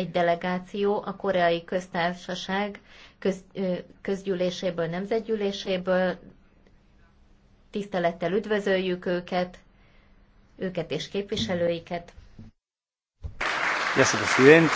egy delegáció a koreai köztársaság köz, közgyűléséből, nemzetgyűléséből. Tisztelettel üdvözöljük őket, őket és képviselőiket. Köszönöm.